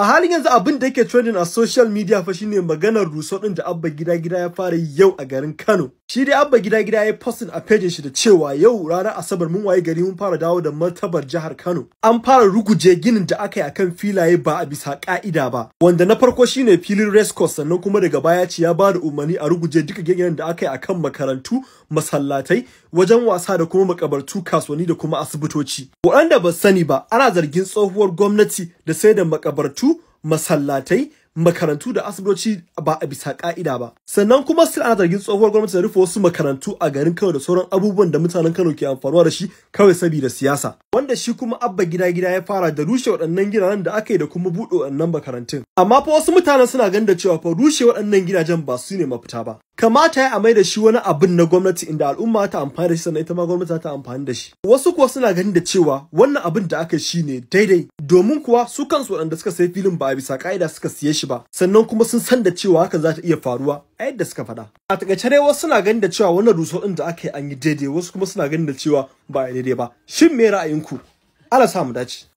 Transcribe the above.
a halin yanzu abin da yake trending a social media fa shine maganar rusodin din da abba gida gida ya fara yau a garin Kano Shi dai abba gida gida ya postin a pejin shi da cewa yau ranar Asabar mun waye gari mun fara dawo da martabar jihar Kano. An fara ruguje ginin da aka yi akan filaye ba a bisa ka'ida ba. Wanda na farko shine filin race course sannan kuma daga baya ci ya bada umarni a ruguje duka ginin da aka yi akan makarantu, masallatai, wajen wasa da kuma makabartu, kasuwanni da kuma asibitoci. Waɗanda ba sani ba ana zargin tsohuwar gwamnati da sai da makabartu, masallatai, makarantu da asibitoci ba a bisa ka'ida ba sannan kuma sai ana zargin tsohuwar gwamnati da rufe wasu makarantu a garin Kano da sauran abubuwan da mutanen Kano ke amfanuwa da shi kawai saboda siyasa wanda shi kuma abba gida gida ya fara da rushe waɗannan gidajen da aka yi da kuma buɗe waɗannan makarantun amma fa wasu mutanen suna ganin da cewa fa rushe waɗannan gidajen ba su ne mafita ba kamata ya mai da shi wani abin na gwamnati inda al'umma ta amfani da shi sannan ita ma gwamnati ta amfani da shi wasu kuwa suna ganin da cewa wannan abin da aka yi ne daidai domin kuwa su kansu waɗanda suka sayi filin ba a bisa ka'ida suka siye shi ba sannan kuma sun san da cewa haka za ta iya faruwa a yadda suka faɗa a takaice dai wasu suna ganin da cewa wannan ruso ɗin da aka yi an yi daidai wasu kuma suna ganin da cewa ba a daidai ba shin me ra'ayinku ala sa mu dace